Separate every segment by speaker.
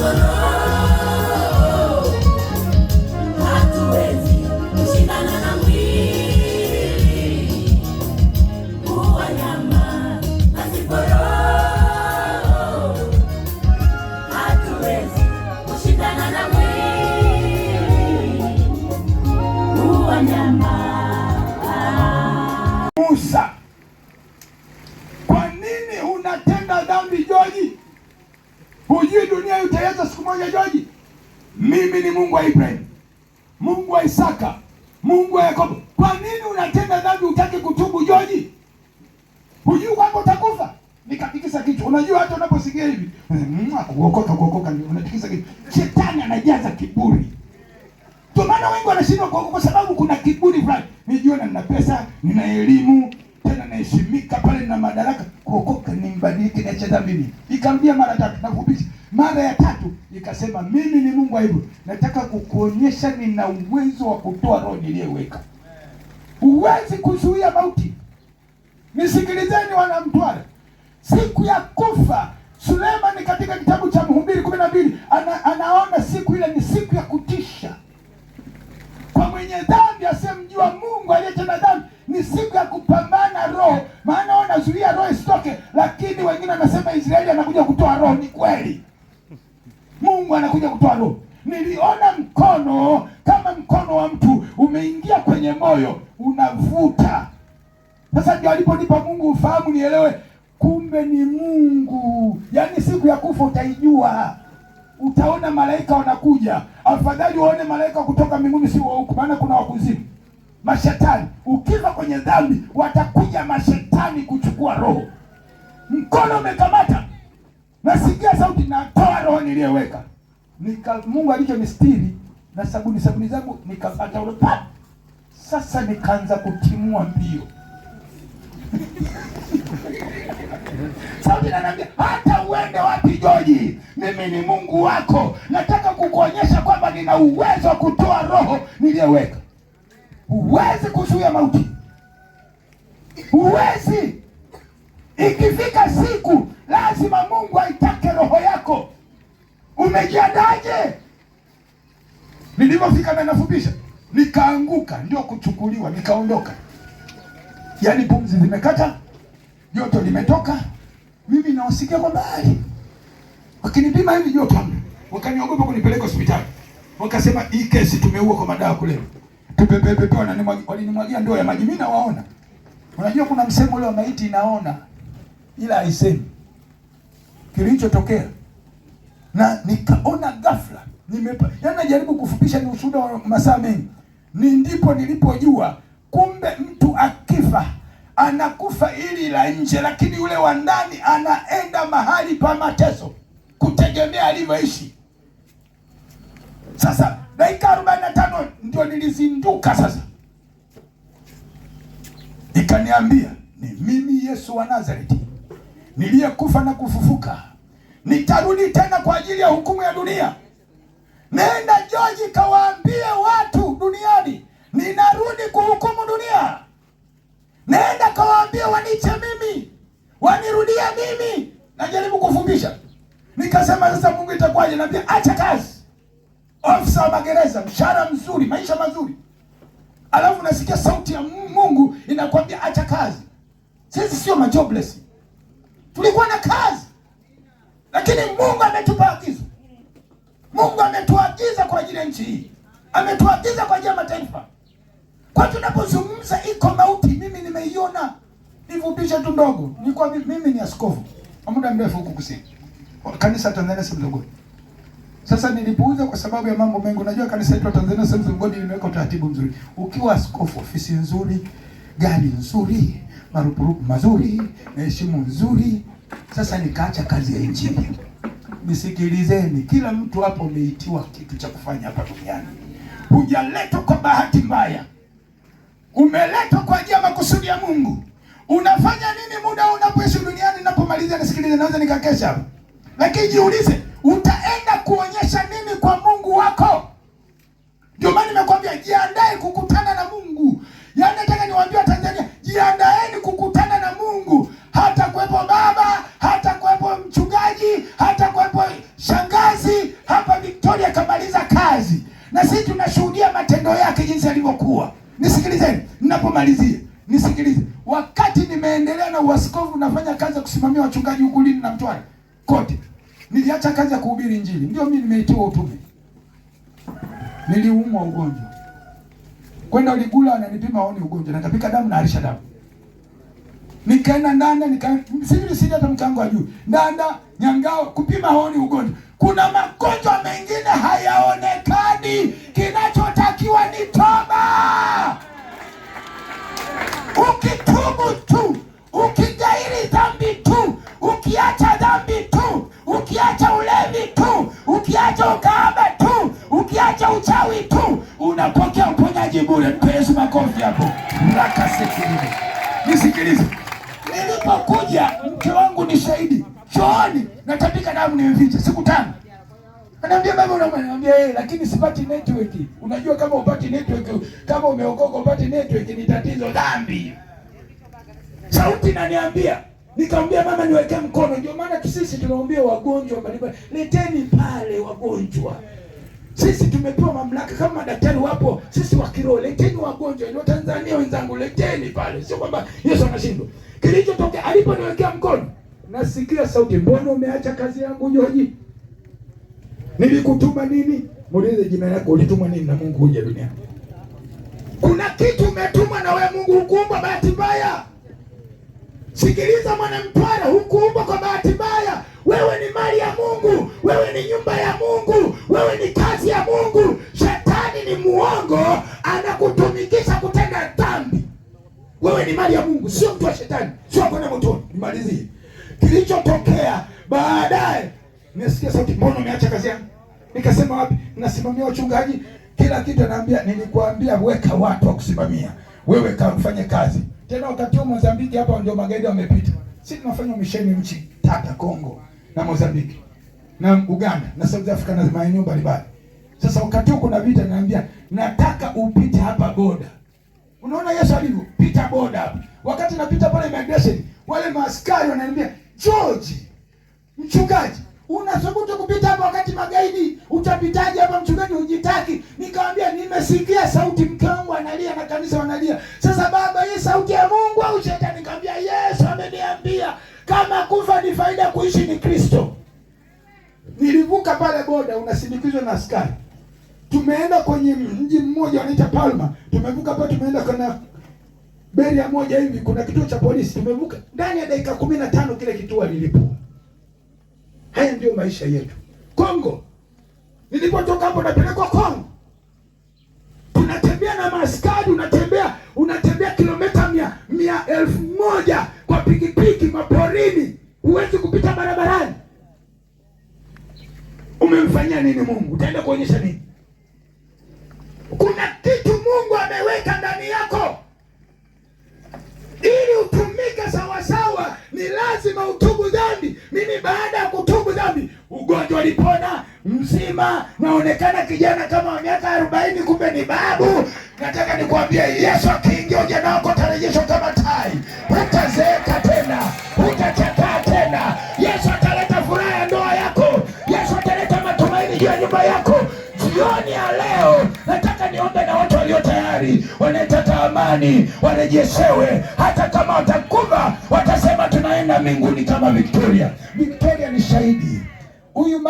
Speaker 1: Lord.
Speaker 2: Unajua hata unaposikia hivi kuokoka kuokoka, unatikisa kitu Shetani anajaza kiburi. kwa maana wengi wanashindwa kwa, kwa sababu kuna kiburi fulani. na nina pesa, nina elimu, tena naheshimika pale, na madaraka. Kuokoka ni mbadilike, niache dhambi mimi. Ikarudia mara tatu, na kufupisha mara ya tatu ikasema, mimi ni Mungu wa hivyo nataka kukuonyesha nina uwezo wa kutoa roho niliyeweka. Huwezi kuzuia mauti. Nisikilizeni wana Mtwara, siku ya kufa. Sulemani katika kitabu cha Mhubiri kumi na mbili ana, anaona siku ile ni siku ya kutisha kwa mwenye dhambi asiyemjua Mungu aliyetenda dhambi. Ni siku ya kupambana roho, maana wanazuia roho isitoke, lakini wengine wanasema Israeli anakuja kutoa roho. Ni kweli, Mungu anakuja kutoa roho. Niliona mkono kama mkono wa mtu umeingia kwenye moyo unavuta. Sasa ndio ndipo Mungu ufahamu nielewe kumbe ni Mungu. Yaani siku ya kufa utaijua, utaona malaika wanakuja. Afadhali waone malaika kutoka mbinguni, si wa huku, maana kuna wakuzimu mashetani. Ukifa kwenye dhambi, watakuja mashetani kuchukua roho. Mkono umekamata, nasikia sauti, natoa roho niliyoweka. Nika Mungu mistiri na sabuni sabuni zangu nikapata ule, sasa nikaanza kutimua mbio hata uende wapi Joji, mimi ni Mungu wako. Nataka kukuonyesha kwamba nina uwezo wa kutoa roho niliyoweka. Huwezi kuzuia mauti, huwezi. Ikifika siku lazima Mungu aitake roho yako. Umejiandaje? Nilivyofika nanafupisha, nikaanguka, ndio kuchukuliwa, nikaondoka yaani pumzi zimekata, joto limetoka, mimi nawasikia kwa mbali, wakinipima hivi joto, wakaniogopa kunipeleka hospitali, wakasema hii kesi tumeua kwa madawa kulevya. Pepepepe walinimwagia ndoo ya maji, mimi nawaona. Unajua kuna msemo ule wa maiti inaona ila haisemi kilichotokea, na nikaona ghafla nimepa, yaani najaribu kufupisha, ni ushuhuda wa masaa mengi, ni ndipo nilipojua kumbe anakufa ili la nje, lakini yule wa ndani anaenda mahali pa mateso kutegemea alivyoishi. Sasa dakika arobaini na tano ndio nilizinduka sasa, ikaniambia ni mimi Yesu wa Nazareti niliyekufa na kufufuka, nitarudi tena kwa ajili ya hukumu ya dunia. Nenda Joji, kawaambie watu duniani ninarudi kuhukumu dunia. Nenda kawaambia waniche mimi, wanirudia mimi. Najaribu kufundisha, nikasema sasa, Mungu itakuwaje? Naambia acha kazi, ofisa wa magereza, mshahara mzuri, maisha mazuri, alafu nasikia sauti ya Mungu inakwambia acha kazi. Sisi sio majobless, tulikuwa na kazi, lakini Mungu ametupa agizo. Mungu ametuagiza kwa ajili ya nchi hii, ametuagiza kwa ajili ya mataifa kwa tunapozungumza iko mauti, mimi nimeiona. Nifupishe tu ndogo, nilikuwa mimi ni askofu kwa muda mrefu huku kusini, kanisa Tanzania Assemblies of Sasa nilipuuza kwa sababu ya mambo mengi. Unajua kanisa letu Tanzania Assemblies of God limeweka utaratibu mzuri, ukiwa askofu, ofisi nzuri, gari nzuri, marupurupu mazuri, heshima nzuri. Sasa nikaacha kazi ya injili. Nisikilizeni, kila mtu hapo umeitiwa kitu cha kufanya hapa duniani, hujaletwa kwa bahati mbaya umeletwa kwa ajili ya makusudi ya Mungu. Unafanya nini muda unapoishi duniani? Ninapomaliza nisikilize, naweza nikakesha hapo, lakini jiulize, utaenda kuonyesha nini kwa Mungu wako? Ndio maana nimekwambia jiandae kukutana na Mungu. Yaani nataka niwaambie Watanzania, jiandaeni kukutana na Mungu. Hata kuwepo baba, hata kuwepo mchungaji, hata kuwepo shangazi. Hapa Victoria kamaliza kazi, na sisi tunashuhudia matendo yake jinsi yalivyokuwa. Nisikilizeni. Napomalizia nisikilize, wakati nimeendelea na uaskofu nafanya kazi ya kusimamia wachungaji huku Lindi na Mtwara kote, niliacha kazi ya kuhubiri Injili, ndio mimi nimeitoa utume. Niliumwa ugonjwa, kwenda Uligula ananipima aone ugonjwa, natapika damu na alisha damu nikaenda Ndanda, nika nikasimlisili hata mchango wa juu Ndanda Nyangao kupima haoni ugonjwa. Kuna magonjwa mengine hayaonekani, kinachotakiwa ni toba. tunaombea wagonjwa mbalimbali, leteni pale wagonjwa. Sisi tumepewa mamlaka kama madaktari wapo, sisi wa kiroho, leteni wagonjwa. Ndio Tanzania wenzangu, leteni pale, sio kwamba Yesu anashindwa. Kilichotokea aliponiwekea mkono, nasikia sauti, mbona umeacha kazi yangu Joji? Nilikutuma nini? Muulize jina lako, ulitumwa nini na Mungu huja duniani? Kuna kitu umetumwa na wewe Mungu, hukuumbwa bahati mbaya. Sikiliza mwana mpara, hukuumbwa kwa bahati mbaya. Wewe ni mali ya Mungu, wewe ni nyumba ya Mungu, wewe ni kazi ya Mungu. Shetani ni muongo, anakutumikisha kutenda dhambi. Wewe ni mali ya Mungu, sio mtu wa shetani, sio kwenda motoni. Nimalizie kilichotokea baadaye. Nimesikia sauti, mbona umeacha kazi yangu? Nikasema wapi? Nasimamia wachungaji, kila kitu anaambia. Nilikuambia weka watu wa kusimamia, wewe kafanye kazi. Tena wakati huo Mozambiki hapa ndio magaidi wamepita, si tunafanya misheni nchi tata Kongo na Mozambiki na Uganda na South Africa na maeneo mbalimbali. Sasa wakati huko na vita, naambia nataka upite hapa boda. Unaona Yesu alivyo pita boda hapa. Wakati napita pale immigration, wale maaskari wananiambia George, mchungaji unasubutu kupita hapa wakati magaidi, utapitaje hapa mchungaji, hujitaki. Nikamwambia nimesikia sauti, mke wangu analia na kanisa wanalia. Sasa baba, hii sauti ya Mungu au shetani? Nikamwambia Yesu ameniambia kama kufa ni faida, kuishi ni Kristo. Nilivuka pale boda, unasindikizwa na askari. Tumeenda kwenye mji mmoja wanaita Palma, tumevuka pale, tumeenda kwenye beria moja hivi, kuna kituo cha polisi, tumevuka ndani ya dakika kumi na tano kile kituo lilipo. Haya ndiyo maisha yetu Kongo. Nilipotoka hapo napelekwa Kongo, tunatembea na mask unaonekana kijana kama wa miaka arobaini, kumbe ni babu. Nataka nikwambie, Yesu akiingia ujana wako utarejeshwa kama tai, utazeeka tena, utachakaa tena. Yesu ataleta furaha ya ndoa yako, Yesu ataleta matumaini juu ya nyumba yako. Jioni ya leo nataka niombe na watu walio tayari, wanaetaka amani warejeshewe, hata kama watakuva watasema tunaenda mbinguni kama Victoria. Victoria ni shahidi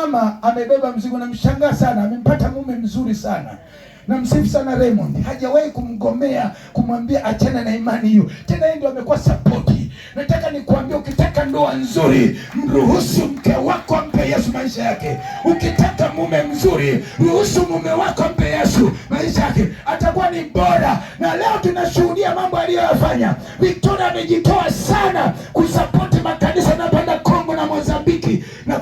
Speaker 2: mama amebeba mzigo, namshangaa sana, amempata mume mzuri sana namsifu sana Raymond, hajawahi kumgomea kumwambia achana na imani hiyo, tena yeye ndio amekuwa sapoti. Nataka nikuambia, ukitaka ndoa nzuri, mruhusu mke wako, mpe Yesu maisha yake. Ukitaka mume mzuri, ruhusu mume wako, mpe Yesu maisha yake, atakuwa ni bora. Na leo tunashuhudia mambo aliyoyafanya Victoria, amejitoa sana kusapoti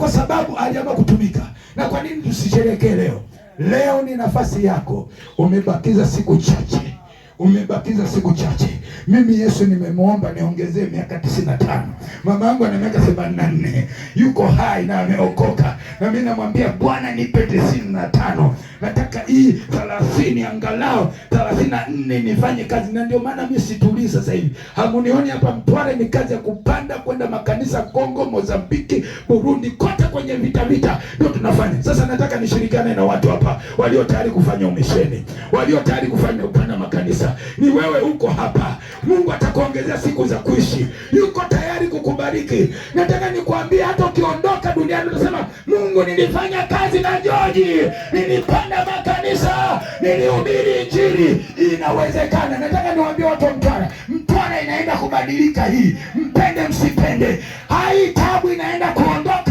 Speaker 2: kwa sababu aliamua kutumika. Na kwa nini tusisherekee leo? Leo ni nafasi yako, umebakiza siku chache, umebakiza siku chache. Mimi Yesu nimemwomba niongezee miaka tisini na tano. Mama yangu ana miaka themanini na nne yuko hai na ameokoka, na mimi namwambia Bwana, nipe tisini na tano. Nataka hii thelathini, angalau thelathini na nne nifanye kazi, na ndio maana mimi situlii sasa hivi. Hamunioni hapa Mtware, ni kazi ya kupanda kwenda makanisa Kongo, Mozambiki, Burundi, kwa kwenye vita vita ndio tunafanya sasa. Nataka nishirikiane na watu hapa walio tayari kufanya umisheni, walio tayari kufanya upana makanisa. Ni wewe uko hapa, Mungu atakuongezea siku za kuishi, yuko tayari kukubariki. Nataka nikwambie, hata ukiondoka duniani utasema, Mungu, nilifanya kazi na Joji, nilipanda makanisa, nilihubiri Injili. Inawezekana. Nataka niwaambie watu Mtwara, Mtwara inaenda kubadilika hii, mpende msipende, hai tabu inaenda kuondoka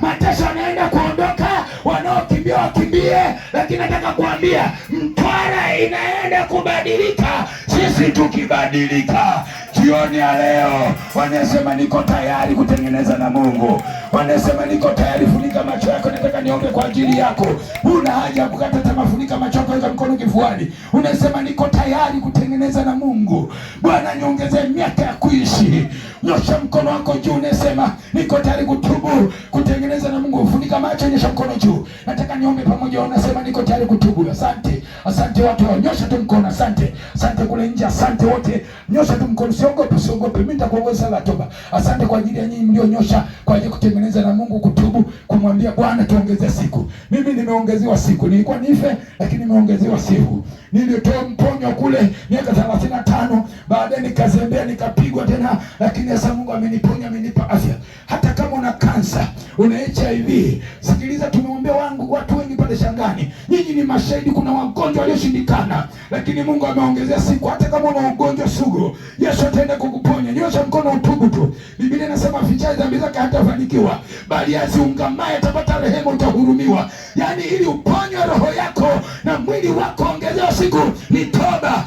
Speaker 2: mateso anaenda kuondoka, wanaokimbia wakimbie, lakini nataka kuambia Mtwara inaenda kubadilika sisi tukibadilika jioni ya leo wanasema niko tayari kutengeneza na Mungu, wanasema niko tayari. Funika macho yako, nataka niombe kwa ajili yako. Huna haja ya kukata tamaa, funika macho yako, weka mkono kifuani, unasema niko tayari kutengeneza na Mungu. Bwana, niongezee miaka ya kuishi. Nyosha mkono wako juu, unasema niko tayari kutubu, kutengeneza na Mungu. Funika macho, nyosha mkono juu, nataka niombe pamoja. Unasema niko tayari kutubu. Asante. Asante watu wao, nyosha tu mkono. Asante, asante kule nje, asante wote, nyosha tu mkono. siogope usiogope, mimi nitakuongoza sala toba. Asante kwa ajili ya nyinyi mlionyosha kwa ajili kutengeneza na Mungu kutubu kumwambia Bwana, tuongezee siku. Mimi nimeongezewa siku, nilikuwa nife, lakini nimeongezewa siku. Nilitoa mponyo kule miaka thelathini na tano baadaye nikazembea, nikapigwa tena, lakini sasa Mungu ameniponya, amenipa afya. Hata kama una kansa, una HIV, sikiliza, tumeombea wangu watu wengi pale Shangani, nyinyi ni mashahidi. Kuna wagonjwa walioshindikana, lakini Mungu ameongezea siku. Hata kama una ugonjwa sugu, Yesu ataenda kukuponya. Nyosha mkono, utubu tu. Biblia inasema, afichaye dhambi zake hatafanikiwa, bali aziungamaye ambaye atapata rehema, utahurumiwa. Yaani ili uponywe roho yako na mwili wako ongezewa siku ni toba.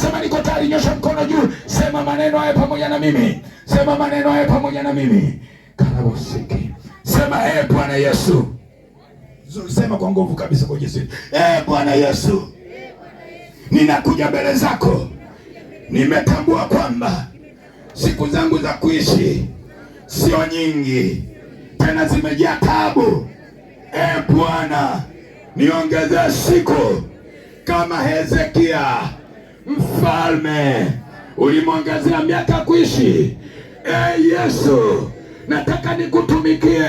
Speaker 2: Sema niko tayari, nyosha mkono juu, sema maneno haya pamoja na mimi, sema maneno haya pamoja na mimi karabosiki, sema eh, Bwana Yesu. Sema kwa nguvu kabisa kwa Yesu. Eh, Bwana Yesu, ninakuja mbele zako, nimetambua kwamba siku zangu za kuishi sio nyingi tena zimejaa taabu. E Bwana, niongeze siku kama Hezekia mfalme ulimwongezea miaka kuishi. E Yesu, nataka nikutumikie.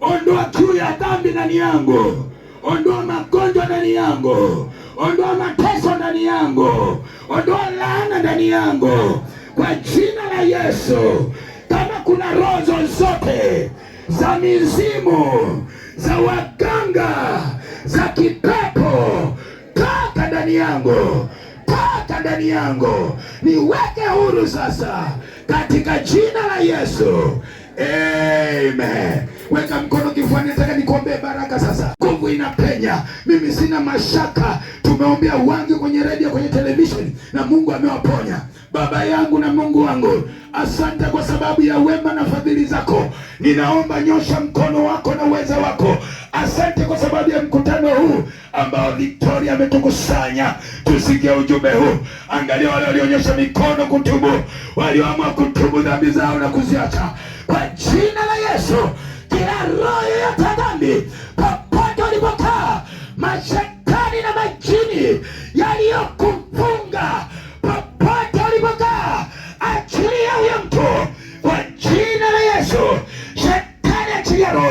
Speaker 2: Ondoa kiu ya dhambi ndani yangu, ondoa magonjwa ndani yangu, ondoa mateso ndani yangu, ondoa laana ndani yangu, kwa jina la Yesu. Kama kuna roho zozote za mizimu, za waganga, za kipepo, toka ndani yangu, toka ndani yangu, niweke huru sasa katika jina la Yesu. Amen. Weka mkono kifuani, nataka nikuombee baraka sasa. Nguvu inapenya, mimi sina mashaka. Tumeombea wangi kwenye redio, kwenye televisheni na Mungu amewaponya. Baba yangu na Mungu wangu, asante kwa sababu ya wema na fadhili zako. Ninaomba nyosha mkono wako na uweza wako. Asante kwa sababu ya mkutano huu ambao Victoria ametukusanya tusikie ujumbe huu. Angalia wale walionyesha mikono kutubu, walioamua kutubu dhambi zao na kuziacha kwa jina la Yesu. Kila roho yoyote ya dhambi popote walipokaa, mashetani na majini yaliyokufunga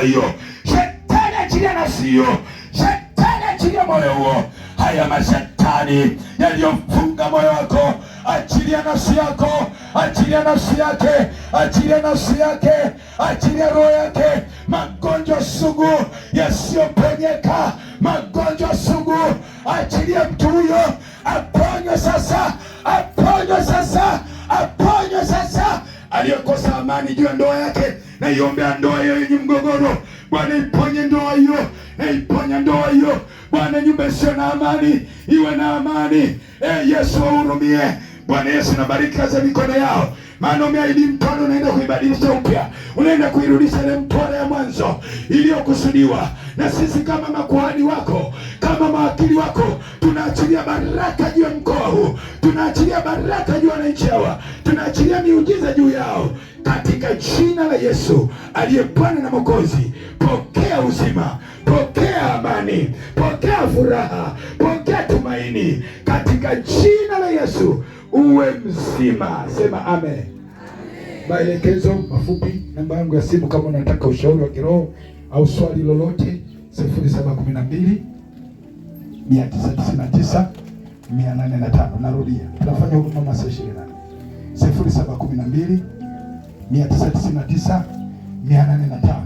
Speaker 2: hiyo, shetani achilia nafsi hiyo, shetani achilia moyo huo. Haya mashetani yaliyofunga moyo wako, achilia nafsi yako, achilia nafsi yake, achilia nafsi yake, achilia roho yake. Magonjwa sugu yasiyoponyeka, magonjwa sugu, achilia mtu huyo, aponywe sasa, aponywe sasa, aponywe sasa aliyekosa amani juu ya ndoa yake, na ndoa hiyo yenye mgogoro. Bwana iponye ndoa hiyo, na iponye ndoa hiyo Bwana. Nyumba isiyo na amani iwe na amani. E Yesu, wahurumie Bwana Yesu, nabariki kazi ya mikono yao maana umeahidi mtole, unaenda kuibadilisha upya, unaenda kuirudisha ile mtole ya mwanzo iliyokusudiwa. Na sisi kama makuhani wako, kama mawakili wako, tunaachilia baraka juu ya mkoa huu, tunaachilia baraka juu ya wananchi hawa, tunaachilia miujiza juu yao, katika jina la Yesu aliye Bwana na Mwokozi. Pokea uzima, pokea amani, pokea furaha, pokea tumaini katika jina la Yesu uwe mzima. Sema amen. Maelekezo mafupi, namba yangu ya simu kama unataka ushauri wa kiroho au swali lolote, 0712 999 805. Narudia, tunafanya huduma masaa 24. 0712 999 805.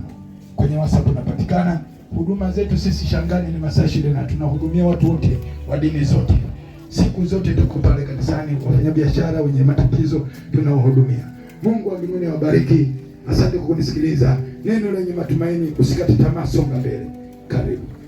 Speaker 2: Kwenye WhatsApp tunapatikana. Huduma zetu sisi Shangani ni masaa 24, tunahudumia watu wote wa dini zote. Siku zote tuko pale kanisani, biashara, wenye matatizo tunawahudumia. Mungu wa mbinguni awabariki. Asante kwa kunisikiliza. Neno lenye matumaini, usikate tamaa, songa mbele. Karibu.